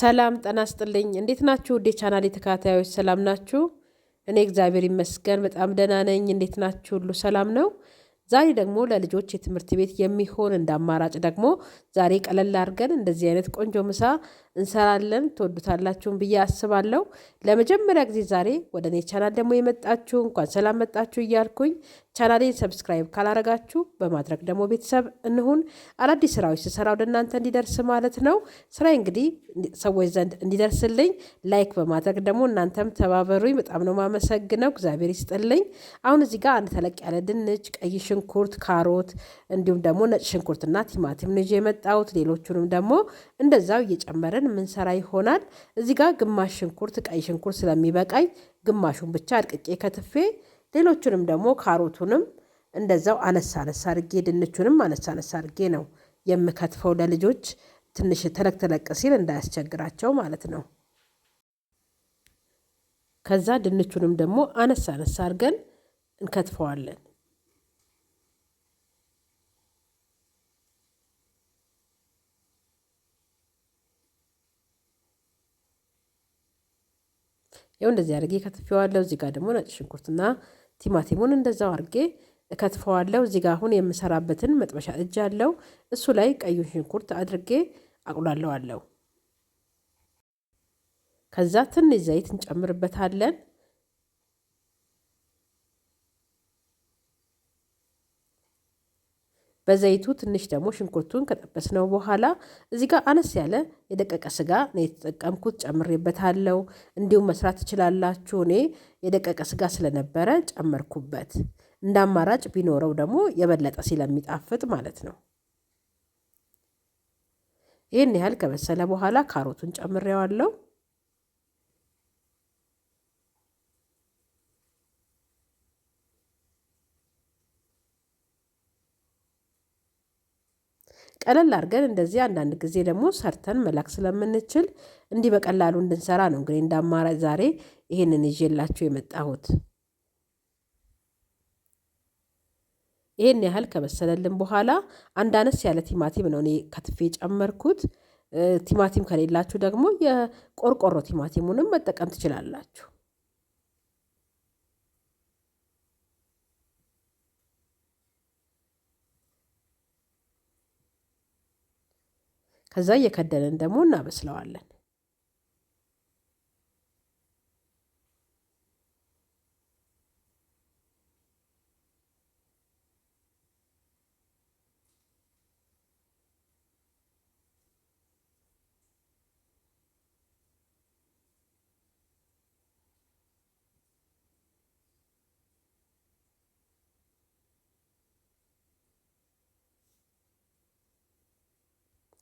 ሰላም ጠና ስጥልኝ እንዴት ናችሁ? ውዴ ቻናል የተከታታዮች ሰላም ናችሁ? እኔ እግዚአብሔር ይመስገን በጣም ደህና ነኝ። እንዴት ናችሁ? ሁሉ ሰላም ነው? ዛሬ ደግሞ ለልጆች የትምህርት ቤት የሚሆን እንደ አማራጭ ደግሞ ዛሬ ቀለል አድርገን እንደዚህ አይነት ቆንጆ ምሳ እንሰራለን። ትወዱታላችሁን ብዬ አስባለሁ። ለመጀመሪያ ጊዜ ዛሬ ወደ እኔ ቻናል ደግሞ የመጣችሁ እንኳን ሰላም መጣችሁ እያልኩኝ ቻናሌን ሰብስክራይብ ካላረጋችሁ በማድረግ ደግሞ ቤተሰብ እንሁን። አዳዲስ ስራዎች ስሰራ ወደ እናንተ እንዲደርስ ማለት ነው። ስራ እንግዲህ ሰዎች ዘንድ እንዲደርስልኝ ላይክ በማድረግ ደግሞ እናንተም ተባበሩኝ። በጣም ነው ማመሰግነው። እግዚአብሔር ይስጥልኝ። አሁን እዚህ ጋር አንድ ተለቅ ያለ ድንች፣ ቀይሽን ሽንኩርት፣ ካሮት እንዲሁም ደግሞ ነጭ ሽንኩርትና ቲማቲም ነው የመጣውት የመጣሁት። ሌሎቹንም ደግሞ እንደዛው እየጨመረን ምንሰራ ይሆናል። እዚህ ጋር ግማሽ ሽንኩርት ቀይ ሽንኩርት ስለሚበቃኝ ግማሹን ብቻ አድቅቄ ከትፌ ሌሎቹንም ደግሞ ካሮቱንም እንደዛው አነሳ አነሳ አድርጌ ድንቹንም አነሳ አነሳ አድርጌ ነው የምከትፈው ለልጆች ትንሽ ተለቅ ተለቅ ሲል እንዳያስቸግራቸው ማለት ነው። ከዛ ድንቹንም ደግሞ አነሳ አነሳ አድርገን እንከትፈዋለን። ይኸው እንደዚህ አድርጌ ከትፌዋለሁ። እዚህ ጋር ደግሞ ነጭ ሽንኩርትና ቲማቲሙን እንደዛው አድርጌ እከትፈዋለሁ። እዚህ ጋር አሁን የምሰራበትን መጥበሻ እጅ አለው። እሱ ላይ ቀዩን ሽንኩርት አድርጌ አቁላለዋለሁ። ከዛ ትንሽ ዘይት እንጨምርበታለን። በዘይቱ ትንሽ ደግሞ ሽንኩርቱን ከጠበስነው በኋላ እዚህ ጋር አነስ ያለ የደቀቀ ስጋ ነው የተጠቀምኩት፣ ጨምሬበታለሁ። እንዲሁም መስራት ትችላላችሁ። እኔ የደቀቀ ስጋ ስለነበረ ጨመርኩበት። እንደ አማራጭ ቢኖረው ደግሞ የበለጠ ስለሚጣፍጥ ማለት ነው። ይህን ያህል ከበሰለ በኋላ ካሮቱን ጨምሬዋለሁ። ቀለል አድርገን እንደዚህ አንዳንድ ጊዜ ደግሞ ሰርተን መላክ ስለምንችል እንዲህ በቀላሉ እንድንሰራ ነው እንግዲህ እንደ አማራጭ ዛሬ ይሄንን ይዤላችሁ የመጣሁት። ይሄን ያህል ከበሰለልን በኋላ አንድ አነስ ያለ ቲማቲም ነው እኔ ከትፌ ጨመርኩት። ቲማቲም ከሌላችሁ ደግሞ የቆርቆሮ ቲማቲሙንም መጠቀም ትችላላችሁ። ከዛ እየከደንን ደግሞ እናበስለዋለን።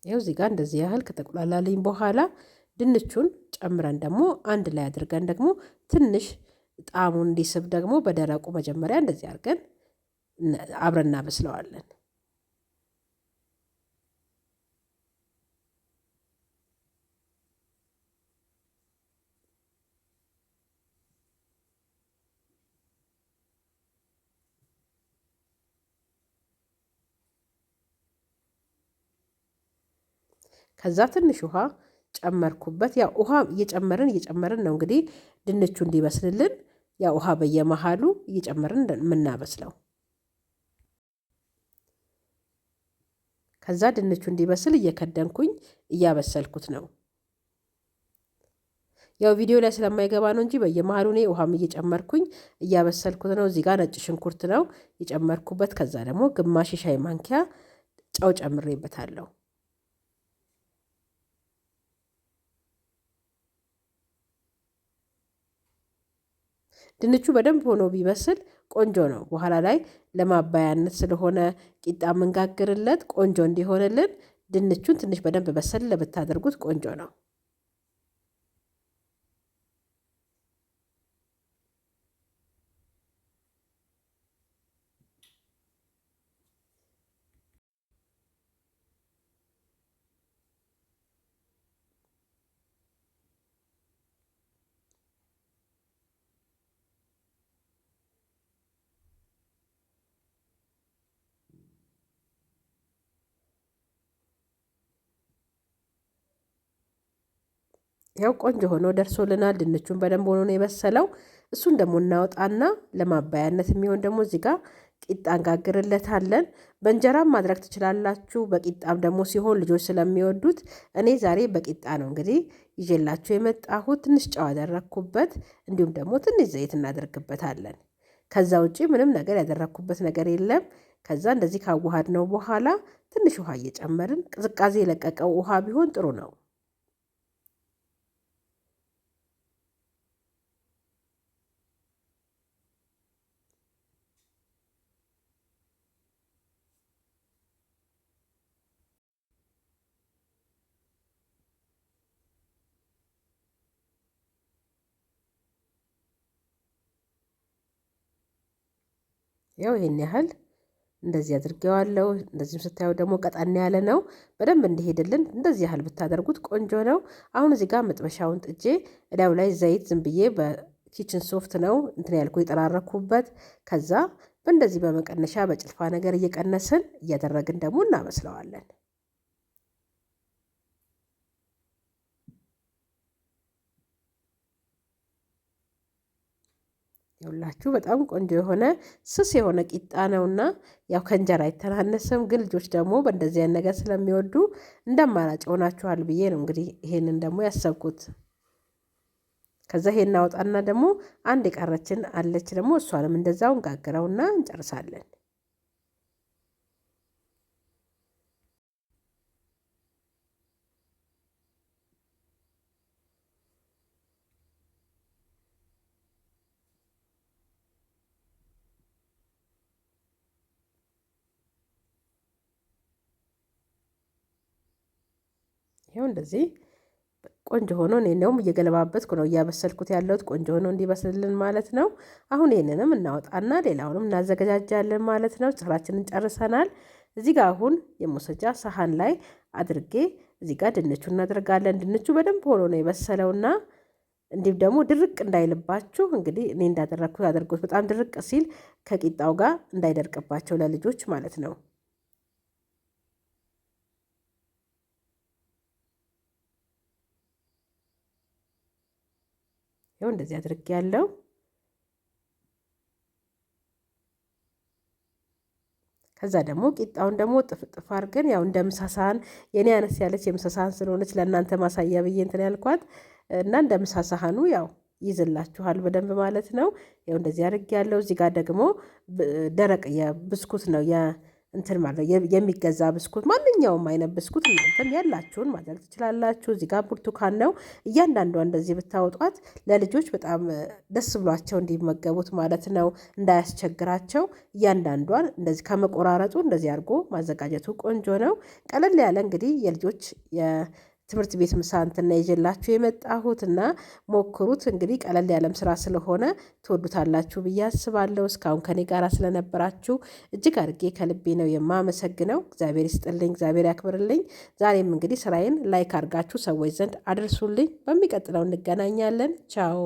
ይኸው እዚህ ጋር እንደዚህ ያህል ከተቁላላልኝ በኋላ ድንቹን ጨምረን ደግሞ አንድ ላይ አድርገን ደግሞ ትንሽ ጣዕሙን እንዲስብ ደግሞ በደረቁ መጀመሪያ እንደዚህ አድርገን አብረን እናበስለዋለን። ከዛ ትንሽ ውሃ ጨመርኩበት። ያ ውሃ እየጨመርን እየጨመርን ነው እንግዲህ ድንቹ እንዲበስልልን ያ ውሃ በየመሃሉ እየጨመርን የምናበስለው። ከዛ ድንቹ እንዲበስል እየከደንኩኝ እያበሰልኩት ነው። ያው ቪዲዮ ላይ ስለማይገባ ነው እንጂ በየመሃሉ እኔ ውሃም እየጨመርኩኝ እያበሰልኩት ነው። እዚህ ጋር ነጭ ሽንኩርት ነው የጨመርኩበት። ከዛ ደግሞ ግማሽ የሻይ ማንኪያ ጨው ጨምሬበታለሁ። ድንቹ በደንብ ሆኖ ቢበስል ቆንጆ ነው። በኋላ ላይ ለማባያነት ስለሆነ ቂጣ የምንጋግርለት ቆንጆ እንዲሆንልን ድንቹን ትንሽ በደንብ በሰል ብታደርጉት ቆንጆ ነው ያው ቆንጆ ሆኖ ደርሶልናል። ድንቹን በደንብ ሆኖ ነው የበሰለው። እሱን ደግሞ እናወጣና ለማባያነት የሚሆን ደግሞ እዚህ ጋር ቂጣ እንጋግርለታለን። በእንጀራም ማድረግ ትችላላችሁ። በቂጣም ደግሞ ሲሆን ልጆች ስለሚወዱት እኔ ዛሬ በቂጣ ነው እንግዲህ ይዤላችሁ የመጣሁት። ትንሽ ጨው ያደረግኩበት እንዲሁም ደግሞ ትንሽ ዘይት እናደርግበታለን። ከዛ ውጪ ምንም ነገር ያደረግኩበት ነገር የለም። ከዛ እንደዚህ ካዋሃድ ነው በኋላ ትንሽ ውሃ እየጨመርን ቅዝቃዜ የለቀቀው ውሃ ቢሆን ጥሩ ነው። ያው ይሄን ያህል እንደዚህ አድርጌዋለሁ። እንደዚህም ስታየው ደግሞ ቀጠን ያለ ነው። በደንብ እንዲሄድልን እንደዚህ ያህል ብታደርጉት ቆንጆ ነው። አሁን እዚህ ጋር መጥበሻውን ጥጄ እዳው ላይ ዘይት ዝም ብዬ በኪችን ሶፍት ነው እንትን ያልኩ የጠራረኩበት። ከዛ በእንደዚህ በመቀነሻ በጭልፋ ነገር እየቀነስን እያደረግን ደግሞ እናበስለዋለን። ይኸውላችሁ በጣም ቆንጆ የሆነ ስስ የሆነ ቂጣ ነውና ያው ከእንጀራ አይተናነስም። ግን ልጆች ደግሞ በእንደዚህ አይነት ነገር ስለሚወዱ እንደማራጭ ሆናችኋል ብዬ ነው እንግዲህ ይሄንን ደግሞ ያሰብኩት። ከዛ ይሄን አወጣና ደግሞ አንድ የቀረችን አለች ደግሞ እሷንም እንደዛው እንጋግረውና እንጨርሳለን። ይኸው እንደዚህ ቆንጆ ሆኖ እኔ እንደውም እየገለባበትኩ ነው እያበሰልኩት ያለሁት ቆንጆ ሆኖ እንዲበስልልን ማለት ነው። አሁን ይህንንም እናወጣና ሌላውንም እናዘገጃጃለን ማለት ነው። ስራችንን ጨርሰናል። እዚህ ጋር አሁን የሙሰጃ ሰሃን ላይ አድርጌ እዚህ ጋር ድንቹ እናደርጋለን። ድንቹ በደንብ ሆኖ ነው የበሰለውና እንዲሁም ደግሞ ድርቅ እንዳይልባችሁ እንግዲህ እኔ እንዳደረግኩት አድርጎት በጣም ድርቅ ሲል ከቂጣው ጋር እንዳይደርቅባቸው ለልጆች ማለት ነው። ይኸው እንደዚህ አድርጌ ያለው ከዛ ደግሞ ቂጣውን ደግሞ ጥፍጥፍ አድርገን ያው እንደ ምሳሳን የኔ አነስ ያለች የምሳሳን ስለሆነች ለእናንተ ማሳያ ብዬ እንትን ያልኳት እና እንደ ምሳሳህኑ ያው ይዝላችኋል በደንብ ማለት ነው። ያው እንደዚህ አድርጌ ያለው እዚህ ጋር ደግሞ ደረቅ የብስኩት ነው እንትን ማለት የሚገዛ ብስኩት ማንኛውም አይነት ብስኩት እናንተም ያላችሁን ማድረግ ትችላላችሁ። እዚህ ጋር ብርቱካን ነው። እያንዳንዷ እንደዚህ ብታወጧት ለልጆች በጣም ደስ ብሏቸው እንዲመገቡት ማለት ነው፣ እንዳያስቸግራቸው እያንዳንዷን እንደዚህ ከመቆራረጡ እንደዚህ አድርጎ ማዘጋጀቱ ቆንጆ ነው። ቀለል ያለ እንግዲህ የልጆች ትምህርት ቤት ምሳንትና ይዤላችሁ የመጣሁት እና ሞክሩት። እንግዲህ ቀለል ያለም ስራ ስለሆነ ትወዱታላችሁ ብዬ አስባለሁ። እስካሁን ከኔ ጋር ስለነበራችሁ እጅግ አድርጌ ከልቤ ነው የማመሰግነው። እግዚአብሔር ይስጥልኝ፣ እግዚአብሔር ያክብርልኝ። ዛሬም እንግዲህ ስራዬን ላይክ አድርጋችሁ ሰዎች ዘንድ አድርሱልኝ። በሚቀጥለው እንገናኛለን። ቻው